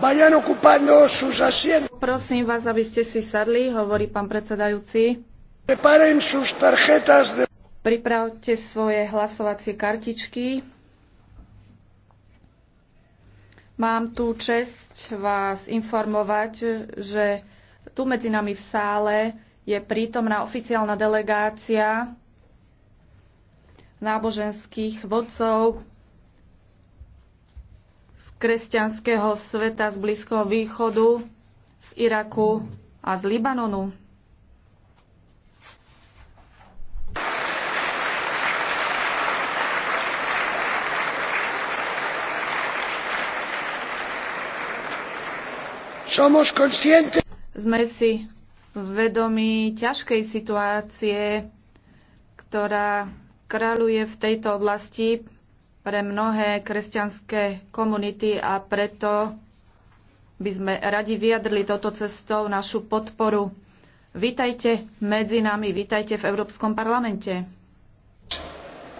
Vayan ocupando sus asientos. Prosím vás, aby ste si sadli, hovorí pán predsedajúci. Preparen sus tarjetas de... Pripravte svoje hlasovacie kartičky. Mám tu čest vás informovať, že tu medzi nami v sále je prítomná oficiálna delegácia náboženských vodcov kresťanského sveta z Blízkoho východu, z Iraku a z Libanonu. Sme si vedomí ťažkej situácie, ktorá kráľuje v tejto oblasti pre mnohé kresťanské komunity a preto by sme radi vyjadrili toto cestou našu podporu. Vítajte medzi nami, vítajte v Európskom parlamente.